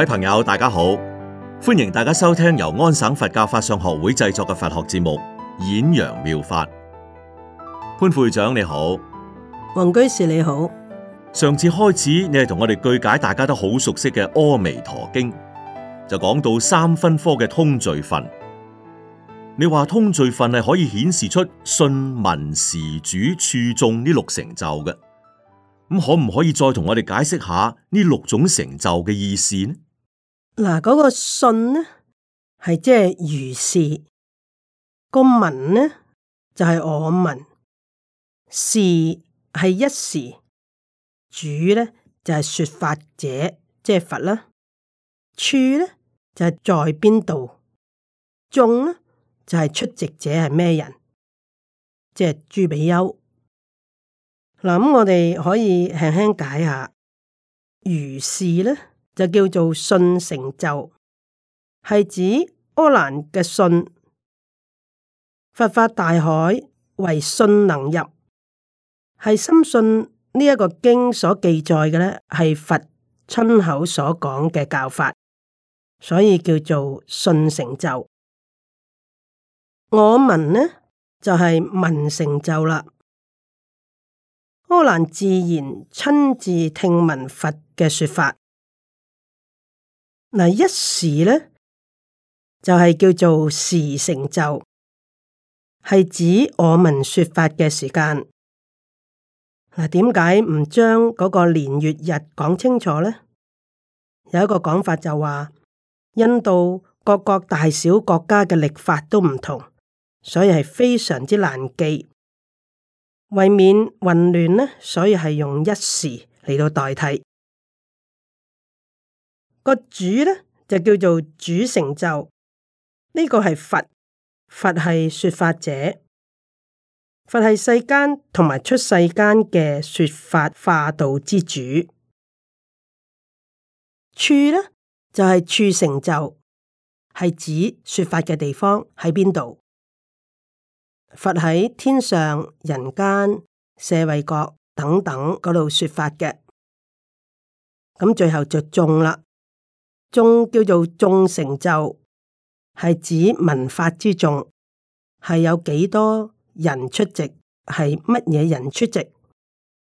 各位朋友，大家好，歡迎大家收聽由安省佛教法上學會製作嘅佛學節目《演揚妙，妙法》。潘副會長你好，黃居士你好。上次開始，你係同我哋句解大家都好熟悉嘅《阿彌陀經》，就講到三分科嘅通序分。你話通序分係可以顯示出信、聞、時、主、處、眾呢六成就嘅，咁可唔可以再同我哋解釋下呢六種成就嘅意思呢？嗱，嗰個信呢，係即係如是；個聞呢，就係、是、我聞；時係一時；主呢，就係說法者，即係佛啦；處呢，就係在邊度；眾呢，就係、是、出席者係咩人，即係諸比丘。嗱，咁我哋可以輕輕解下如是呢？就叫做信成就，係指阿難嘅信，佛法大海為信能入，係深信呢一個經所記載嘅咧，係佛親口所講嘅教法，所以叫做信成就。我聞呢就係、是、聞成就啦，阿難自然親自聽聞佛嘅說法。嗱一時咧，就係、是、叫做時成就，係指我們說法嘅時間。嗱，點解唔將嗰個年月日講清楚咧？有一個講法就話，印度各國大小國家嘅曆法都唔同，所以係非常之難記。為免混亂咧，所以係用一時嚟到代替。個主咧就叫做主成就，呢、這個係佛，佛係說法者，佛係世間同埋出世間嘅說法化導之主。處咧就係、是、處成就，係指說法嘅地方喺邊度。佛喺天上、人間、舍衛國等等嗰度說法嘅，咁最後就眾啦。眾叫做眾成就，係指聞法之眾，係有幾多人出席，係乜嘢人出席？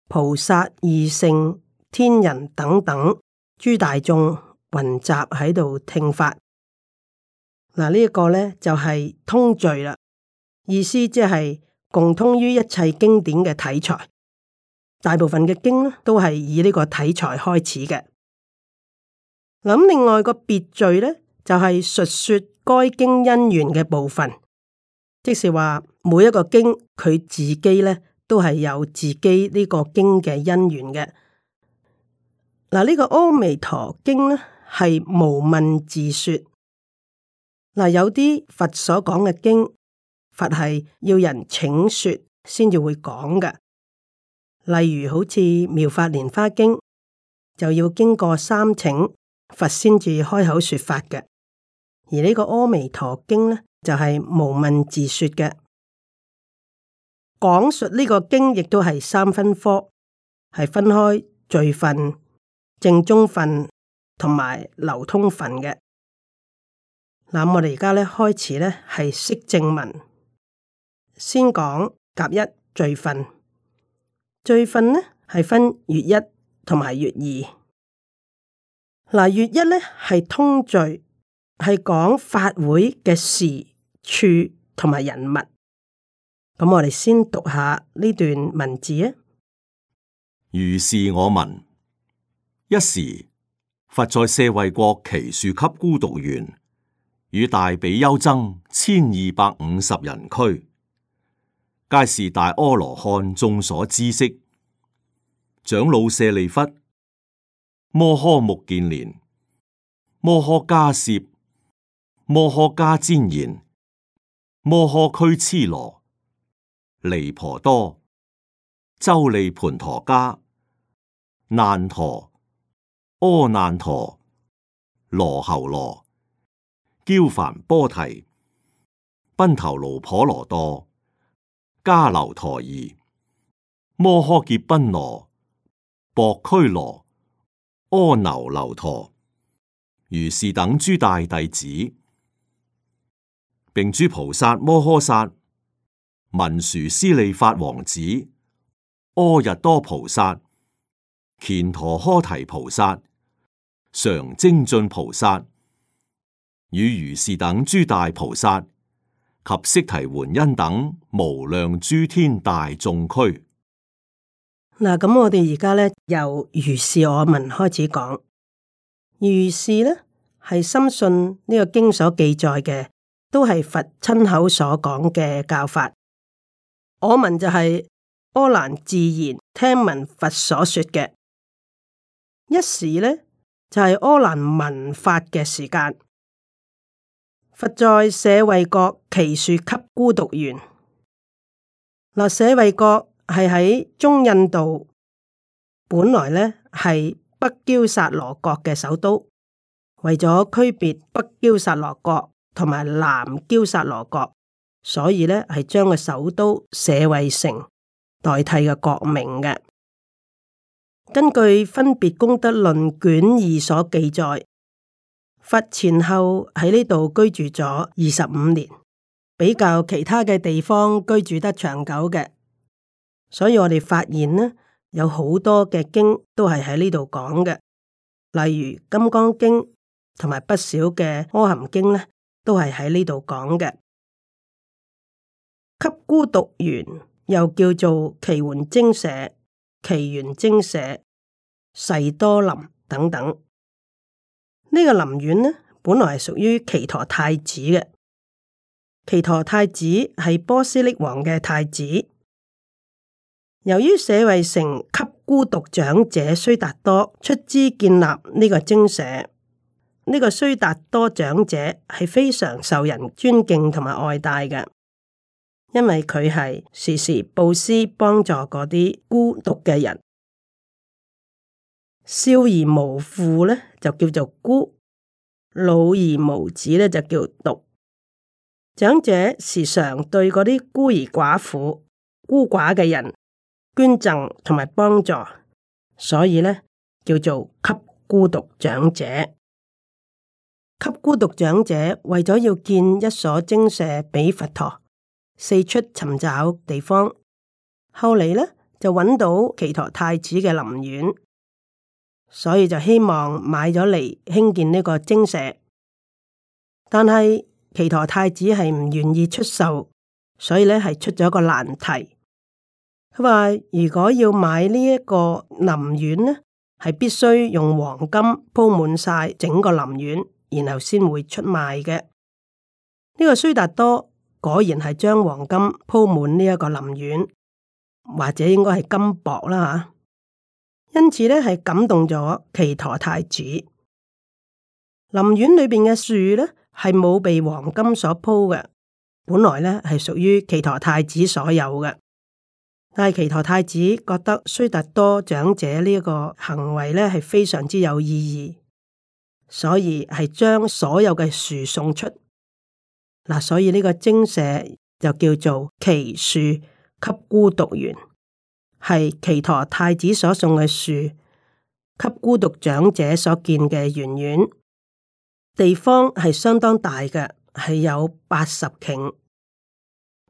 菩薩、二聖、天人等等，諸大眾混雜喺度聽法。嗱，這個、呢一個咧就係、是、通聚啦，意思即係共通於一切經典嘅題材。大部分嘅經都係以呢個題材開始嘅。嗱，另外個別序呢，就係述說該經因緣嘅部分，即是話每一個經佢自己呢，都係有自己呢個經嘅因緣嘅。嗱、這個，呢個阿彌陀經呢，係無問自說。嗱，有啲佛所講嘅經，佛係要人請說先至會講嘅。例如好似妙法蓮花經，就要經過三請。佛先至開口說法嘅，而呢個《阿彌陀經》呢就係無問自說嘅，講述呢個經亦都係三分科，係分開序分、正宗分同埋流通分嘅。嗱，我哋而家呢開始呢係釋正文，先講甲一序分，序分呢係分乙一同埋乙二。嗱，月一咧係通序，係講法會嘅時處同埋人物。咁我哋先讀下呢段文字啊。如是我聞，一時佛在舍衛國祇樹給孤獨園，與大比丘僧千二百五十人俱，皆是大阿羅漢眾所知識，長老舍利弗。摩訶目犍連，摩訶迦葉，摩訶迦旃延，摩訶俱絺羅，離婆多，周利盤陀伽，難陀，阿難陀，羅睺羅，憍梵波提，奔頭盧婆羅多，迦留陀夷，摩訶結賓羅，薄拘羅。阿耨樓馱、如是等諸大弟子，並諸菩薩摩訶薩、文殊師利法王子、阿逸多菩薩、乾陀訶提菩薩、常精進菩薩，與如是等諸大菩薩及釋提桓因等無量諸天大眾俱。嗱，咁我哋而家呢，由如是我聞開始講，如是呢，係深信呢個經所記載嘅，都係佛親口所講嘅教法。我聞就係、是、阿難自言聽聞佛所說嘅，一時呢，就係、是、阿難聞法嘅時間。佛在舍衛國祇樹給孤獨園，嗱，舍衛國。係喺中印度，本來呢係北憍薩羅國嘅首都。為咗區別北憍薩羅國同埋南憍薩羅國，所以呢係將個首都舍衛城代替嘅國名嘅。根據《分別功德論》卷二所記載，佛前後喺呢度居住咗二十五年，比較其他嘅地方居住得長久嘅。所以我哋發現咧，有好多嘅經都係喺呢度講嘅，例如《金剛經》同埋不少嘅《阿含經》咧，都係喺呢度講嘅。給孤獨園又叫做奇援精舍、奇援精舍、世多林等等。呢個林苑咧，本來係屬於奇陀太子嘅。奇陀太子係波斯匿王嘅太子。由於舍衛城給孤獨長者須達多出資建立呢個精舍，呢個須達多長者係非常受人尊敬同埋愛戴嘅，因為佢係時時布施幫助嗰啲孤獨嘅人。少而無父呢就叫做孤；老而無子呢就叫獨。長者時常對嗰啲孤兒寡婦、孤寡嘅人。捐贈同埋幫助，所以呢叫做給孤獨長者。給孤獨長者為咗要建一所精舍畀佛陀，四處尋找地方。後嚟呢，就揾到祇陀太子嘅林園，所以就希望買咗嚟興建呢個精舍。但係祇陀太子係唔願意出售，所以呢係出咗個難題。佢話如果要買呢一個林園，咧，係必須用黃金鋪滿晒整個林園，然後先會出賣嘅。呢、這個須達多果然係將黃金鋪滿呢一個林園，或者應該係金箔啦吓。因此咧，係感動咗祇陀太子。林園裏邊嘅樹咧，係冇被黃金所鋪嘅，本來咧係屬於祇陀太子所有嘅。但係，祇陀太子覺得須達多長者呢一個行為呢係非常之有意義，所以係將所有嘅樹送出嗱，所以呢個精舍就叫做祇樹給孤獨園，係祇陀太子所送嘅樹，給孤獨長者所建嘅園。園地方係相當大嘅，係有八十頃，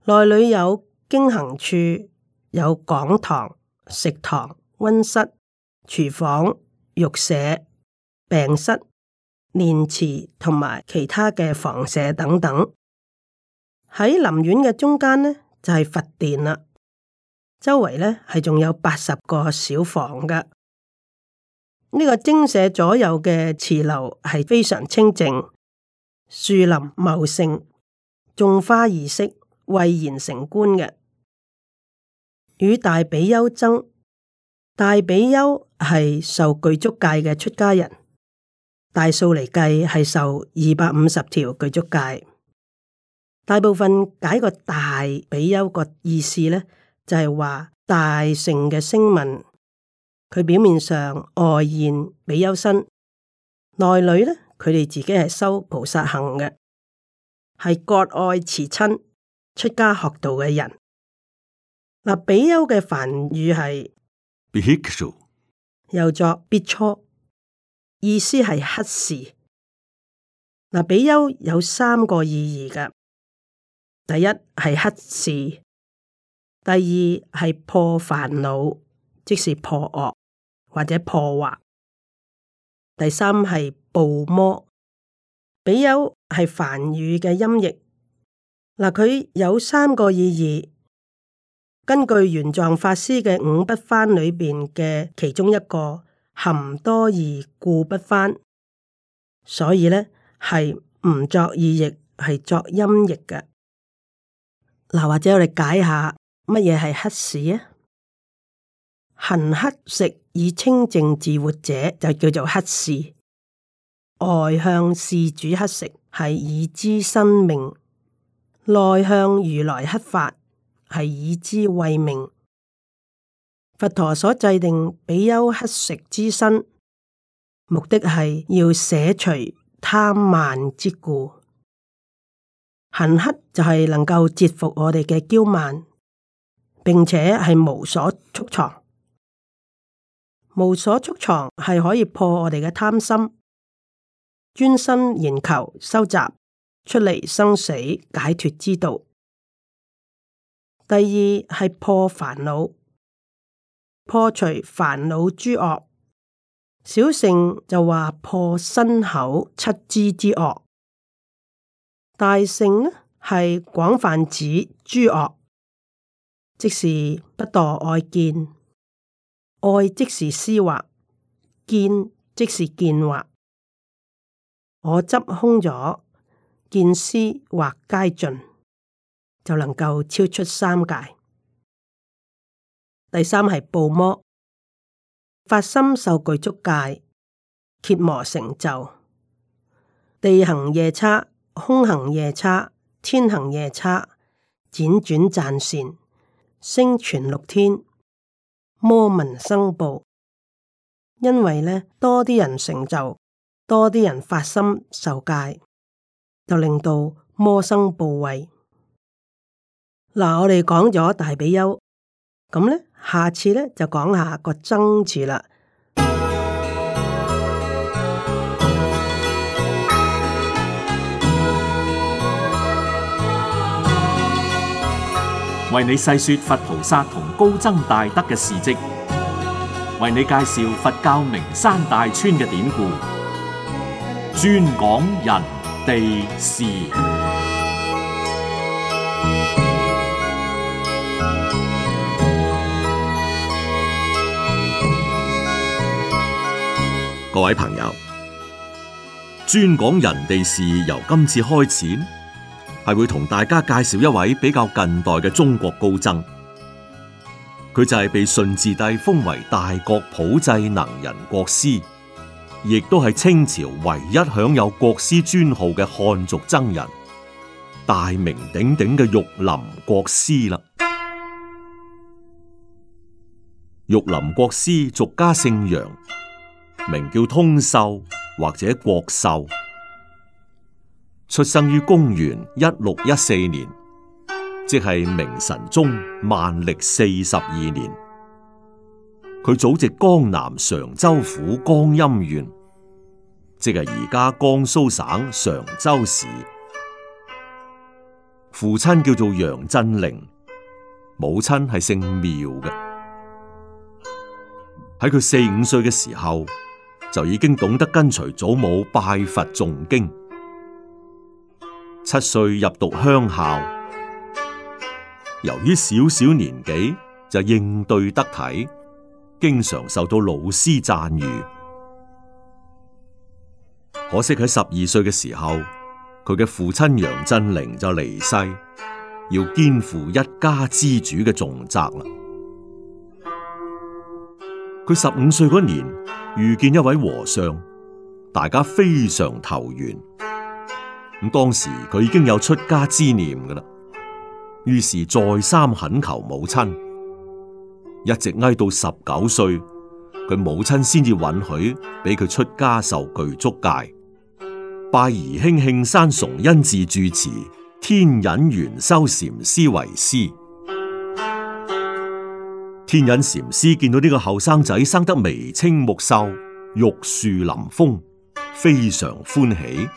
內裏有經行處。有講堂、食堂、溫室、廚房、浴舍、病室、念池同埋其他嘅房舍等等。喺林苑嘅中間呢，就係、是、佛殿啦。周圍呢，係仲有八十個小房嘅。呢、這個精舍左右嘅池流係非常清淨，樹林茂盛，種花異色，蔚然成觀嘅。與大比丘爭，大比丘係受具足戒嘅出家人，大數嚟計係受二百五十條具足戒。大部分解個大比丘個意思咧，就係、是、話大乘嘅聲聞，佢表面上外現比丘身，內裏咧佢哋自己係修菩薩行嘅，係割愛慈親出家學道嘅人。嗱，比丘嘅梵語係又作苾芻，意思係乞士。嗱，比丘有三個意義嘅，第一係乞士，第二係破煩惱，即是破惡或者破惑，第三係怖魔。比丘係梵語嘅音譯，嗱，佢有三個意義。根據玄奘法師嘅五不翻裏邊嘅其中一個含多而故不翻，所以呢係唔作意譯，係作音譯嘅。嗱、啊，或者我哋解下乜嘢係乞士啊？行乞食以清淨自活者，就叫做乞士。外向事主乞食，係以資生命；內向如來乞法，係以之為名，佛陀所制定比丘乞食之身，目的係要捨除貪慢之故。行乞就係能夠折服我哋嘅驕慢，並且係無所束藏，無所束藏係可以破我哋嘅貪心，專心研求收集出嚟生死解脫之道。第二係破煩惱，破除煩惱諸惡。小乘就話破身口七支之惡，大乘呢係廣泛指諸惡，即是不墮愛見。愛即是思惑，見即是見惑。我執空咗，見思惑皆盡。就能夠超出三界。第三係怖魔發心受具足戒，羯磨成就地行夜叉、空行夜叉、天行夜叉，輾轉讚善聲傳六天魔民生怖。因為咧多啲人成就，多啲人發心受戒，就令到魔生怖畏。嗱、嗯，我哋講咗大比丘，咁咧，下次咧就講，講下個僧字啦。為你細說佛菩薩同高僧大德嘅事跡，為你介紹佛教名山大川嘅典故，專講人地事。各位朋友，專講人哋事由今次開始，係會同大家介紹一位比較近代嘅中國高僧。佢就係被順治帝封為大國普濟能人國師，亦都係清朝唯一享有國師尊號嘅漢族僧人，大名鼎鼎嘅玉林國師啦。玉林國師，俗家姓楊。名叫通秀或者國秀，出生於公元一六一四年，即係明神宗萬曆四十二年。佢祖籍江南常州府江陰縣，即係而家江蘇省常州市。父親叫做楊振齡，母親係姓苗嘅。喺佢四五歲嘅時候。就已經懂得跟隨祖母拜佛誦經，七歲入讀鄉校，由於小小年紀就應對得體，經常受到老師讚譽。可惜喺十二歲嘅時候，佢嘅父親楊振寧就離世，要肩負一家之主嘅重責啦。佢十五歲嗰年。遇見一位和尚，大家非常投緣。咁當時佢已經有出家之念噶啦，於是再三懇求母親，一直挨到十九歲，佢母親先至允許俾佢出家受具足戒。拜宜興慶山崇恩寺住持天隱元修禪師為師。天隱禪師見到呢個後生仔生得眉清目秀，玉樹臨風，非常歡喜，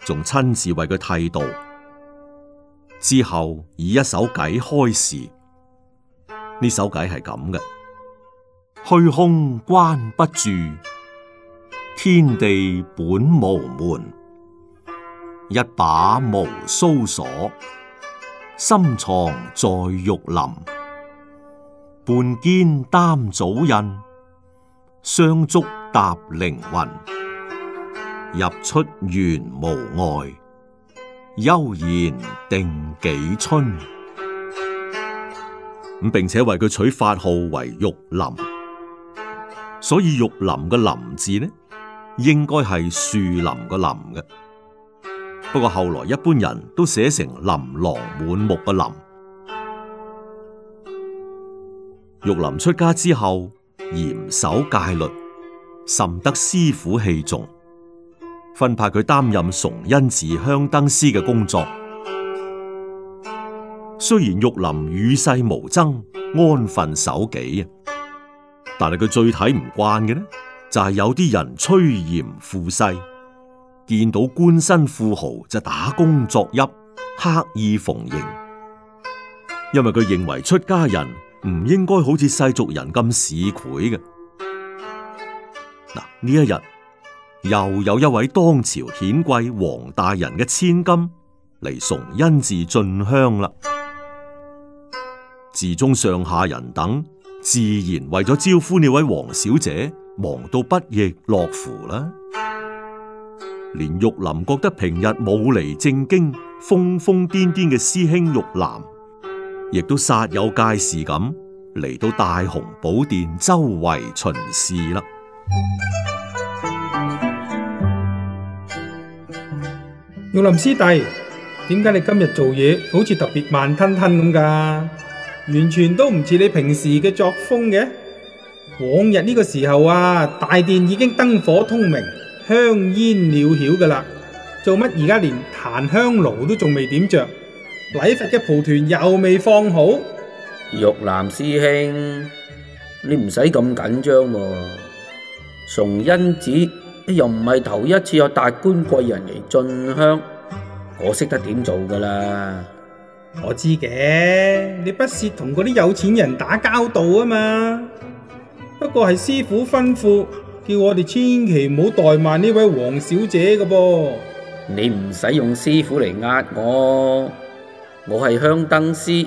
仲親自為佢剃度。之後以一首偈開示，呢首偈係咁嘅：虛空關不住，天地本無門，一把無須鎖，深藏在玉林。半肩擔祖印，雙足踏凌雲，入出原無礙，悠然定幾春。咁並且為佢取法號為玉林，所以玉林嘅林字呢，應該係樹林嘅林嘅。不過後來一般人都寫成琳琅滿目嘅琳。玉林出家之後，嚴守戒律，甚得師傅器重，分派佢擔任崇恩寺香燈師嘅工作。雖然玉林與世無爭，安分守己，但係佢最睇唔慣嘅呢，就係、是、有啲人趨炎附勢，見到官紳富豪就打躬作揖，刻意逢迎。因為佢認為出家人。唔應該好似世俗人咁市儈嘅。嗱，呢一日又有一位當朝顯貴王大人嘅千金嚟崇恩寺進香啦。寺中上下人等自然為咗招呼呢位王小姐，忙到不亦樂乎啦。連玉林覺得平日冇嚟正經、瘋瘋癲癲嘅師兄玉蘭。亦都煞有介事咁嚟到大雄寶殿周圍巡視啦。玉林師弟，點解你今日做嘢好似特別慢吞吞咁噶？完全都唔似你平時嘅作風嘅。往日呢個時候啊，大殿已經燈火通明、香煙裊裊噶啦，做乜而家連檀香爐都仲未點着？禮佛嘅蒲團又未放好，玉林師兄，你唔使咁緊張喎，啊。崇恩寺又唔係頭一次有達官貴人嚟進香，我識得點做噶啦。我知嘅，你不屑同嗰啲有錢人打交道啊嘛。不過係師傅吩咐，叫我哋千祈唔好怠慢呢位黃小姐嘅噃。你唔使用，用師傅嚟呃我。我係香燈師，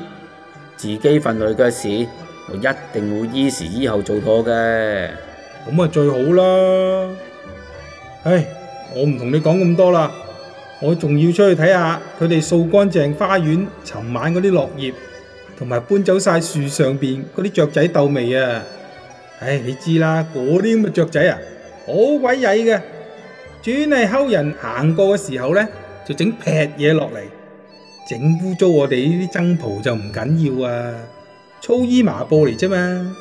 自己份內嘅事，我一定會依時依候做妥嘅。咁咪，最好啦。唉，我唔同你講咁多啦，我仲要出去睇下佢哋掃乾淨花園，尋晚嗰啲落葉，同埋搬走晒樹上邊嗰啲雀仔竇未啊？唉，你知啦，嗰啲咁嘅雀仔啊，好鬼曳嘅，專係睺人行過嘅時候呢，就整劈嘢落嚟。整污糟我哋呢啲僧袍就唔緊要啊，粗衣麻布嚟啫嘛，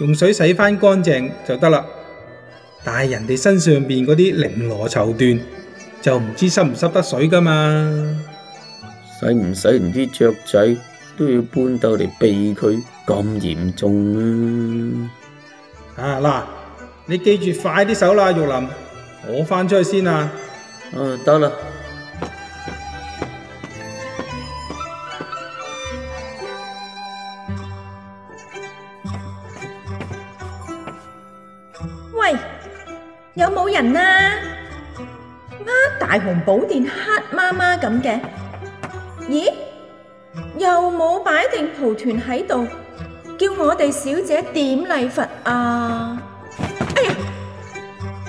用水洗翻乾淨就得啦。但係人哋身上邊嗰啲綾羅綢緞就唔知濕唔濕得水噶嘛，洗唔洗唔知，雀仔都要搬到嚟避佢，咁嚴重啊！啊嗱，你記住快啲手啦，玉林，我翻出去先啊。嗯，得啦。寶殿黑麻麻咁嘅，咦？又冇擺定蒲團喺度，叫我哋小姐點禮佛啊？哎呀，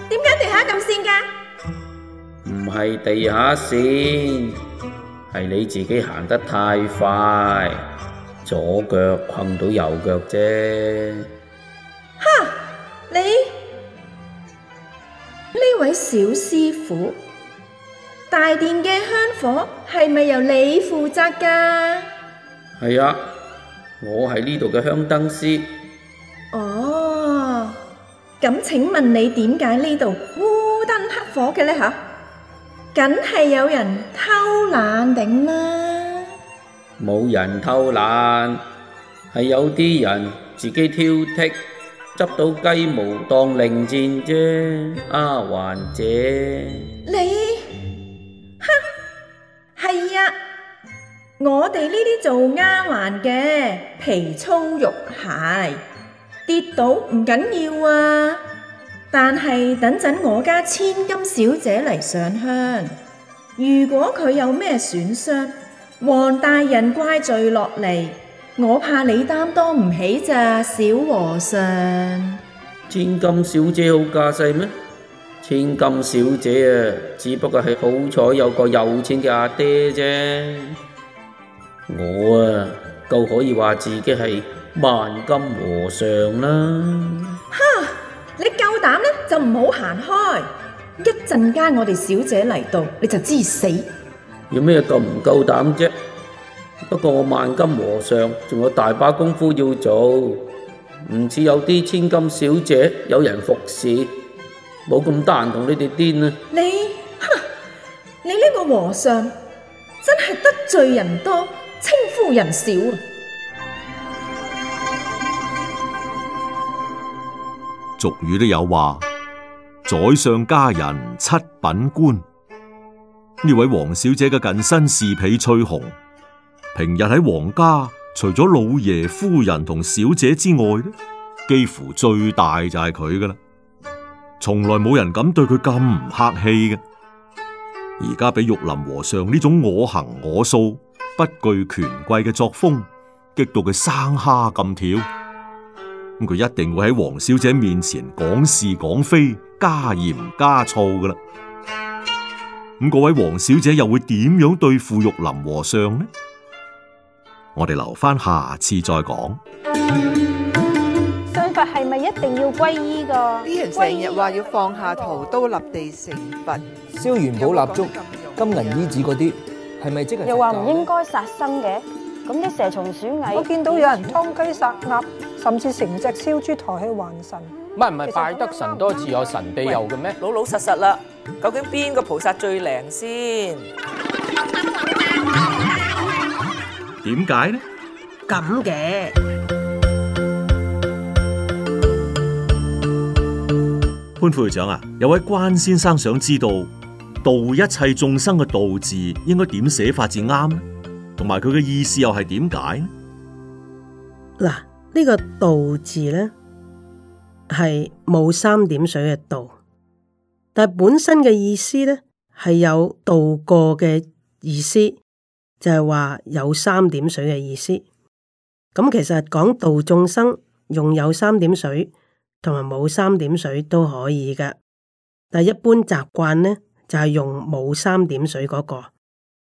點解地下咁跣㗎？唔係地下跣，係你自己行得太快，左腳困到右腳啫。哈！你呢位小師傅？大殿嘅香火係咪由你負責噶？係啊，我係呢度嘅香燈師。哦，咁請問你點解呢度烏燈黑火嘅呢？吓，梗係有人偷懶頂啦？冇人偷懶，係有啲人自己挑剔，執到雞毛當令箭啫。啊，或者你？我哋呢啲做丫鬟嘅皮粗肉蟹，跌倒唔緊要啊！但係等陣我家千金小姐嚟上香，如果佢有咩損傷，王大人怪罪落嚟，我怕你擔當唔起咋，小和尚。千金小姐好架勢咩？千金小姐啊，只不過係好彩有個有錢嘅阿爹啫。我啊，夠可以話自己係萬金和尚啦。哈！你夠膽呢，就唔好行開。一陣間我哋小姐嚟到，你就知死。有咩夠唔夠膽啫？不過我萬金和尚仲有大把功夫要做，唔似有啲千金小姐有人服侍，冇咁得閒同你哋癲啊。你，哈！你呢個和尚真係得罪人多。稱呼人少啊，俗語都有話：宰相家人七品官。呢位黃小姐嘅近身侍婢翠紅，平日喺皇家除咗老爺夫人同小姐之外咧，幾乎最大就係佢嘅啦。從來冇人敢對佢咁唔客氣嘅，而家俾玉林和尚呢種我行我素不懼權貴嘅作風，激到佢生蝦咁跳，咁佢一定會喺王小姐面前講是講非，加鹽加醋噶啦。嗰位王小姐又會點樣對付玉林和尚呢？我哋留翻，下次再講。信佛係咪一定要皈依噶？啲人成日話要放下屠刀，立地成佛，燒元寶蠟燭、金銀衣紙、嗰啲。又話唔應該殺生嘅，咁啲蛇蟲鼠蟻，我見到有人劏雞殺鴨，甚至成隻燒豬抬起還神。唔係唔係，拜得神多自有神庇佑嘅咩？老老實實啦，究竟邊個菩薩最靈先？點解呢？咁嘅潘副會長啊，有位關先生想知道。度一切眾生嘅度字應該點寫法至啱呢？同埋佢嘅意思又係點解呢？嗱，這個、道呢個度字咧係冇三點水嘅度，但係本身嘅意思咧係有度過嘅意思，就係、是、話有三點水嘅意思。咁、嗯、其實講度眾生用有三點水同埋冇三點水都可以噶，但係一般習慣呢？就係用冇三點水嗰個，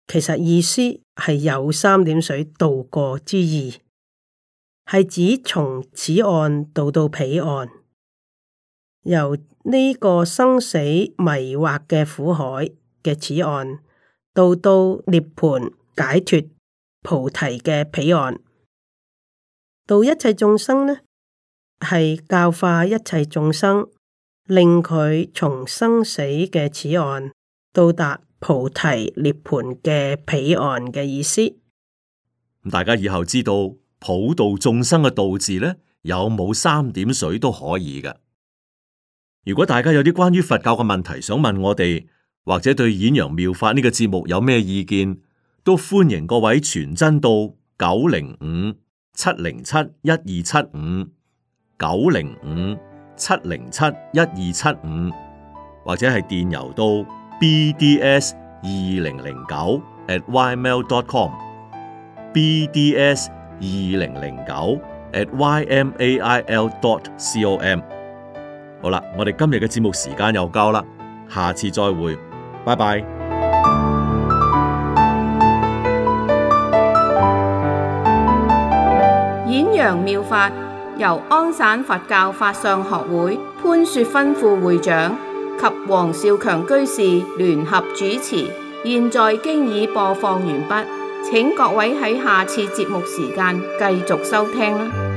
其實意思係有三點水渡過之意，係指從此岸渡到彼岸，由呢個生死迷惑嘅苦海嘅此岸渡到涅盤解脫菩提嘅彼岸。渡一切眾生呢，係教化一切眾生。令佢從生死嘅此岸，到達菩提涅盤嘅彼岸嘅意思。大家以後知道普度眾生嘅度字咧，有冇三點水都可以㗎。如果大家有啲關於佛教嘅問題想問我哋，或者對演揚妙法呢個節目有咩意見，都歡迎各位傳真到九零五七零七一二七五九零五。七零七一二七五，或者係電郵到 bds 二零零九 at ymail dot com，bds 二零零九 at ymail dot com。好啦，我哋今日嘅節目時間又夠啦，下次再會，拜拜。演揚妙法。由安省佛教法相學會潘雪芬副會長及黃少強居士聯合主持，現在經已播放完畢，請各位喺下次節目時間繼續收聽。